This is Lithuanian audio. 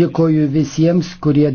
Dėkoju visiems, kurie.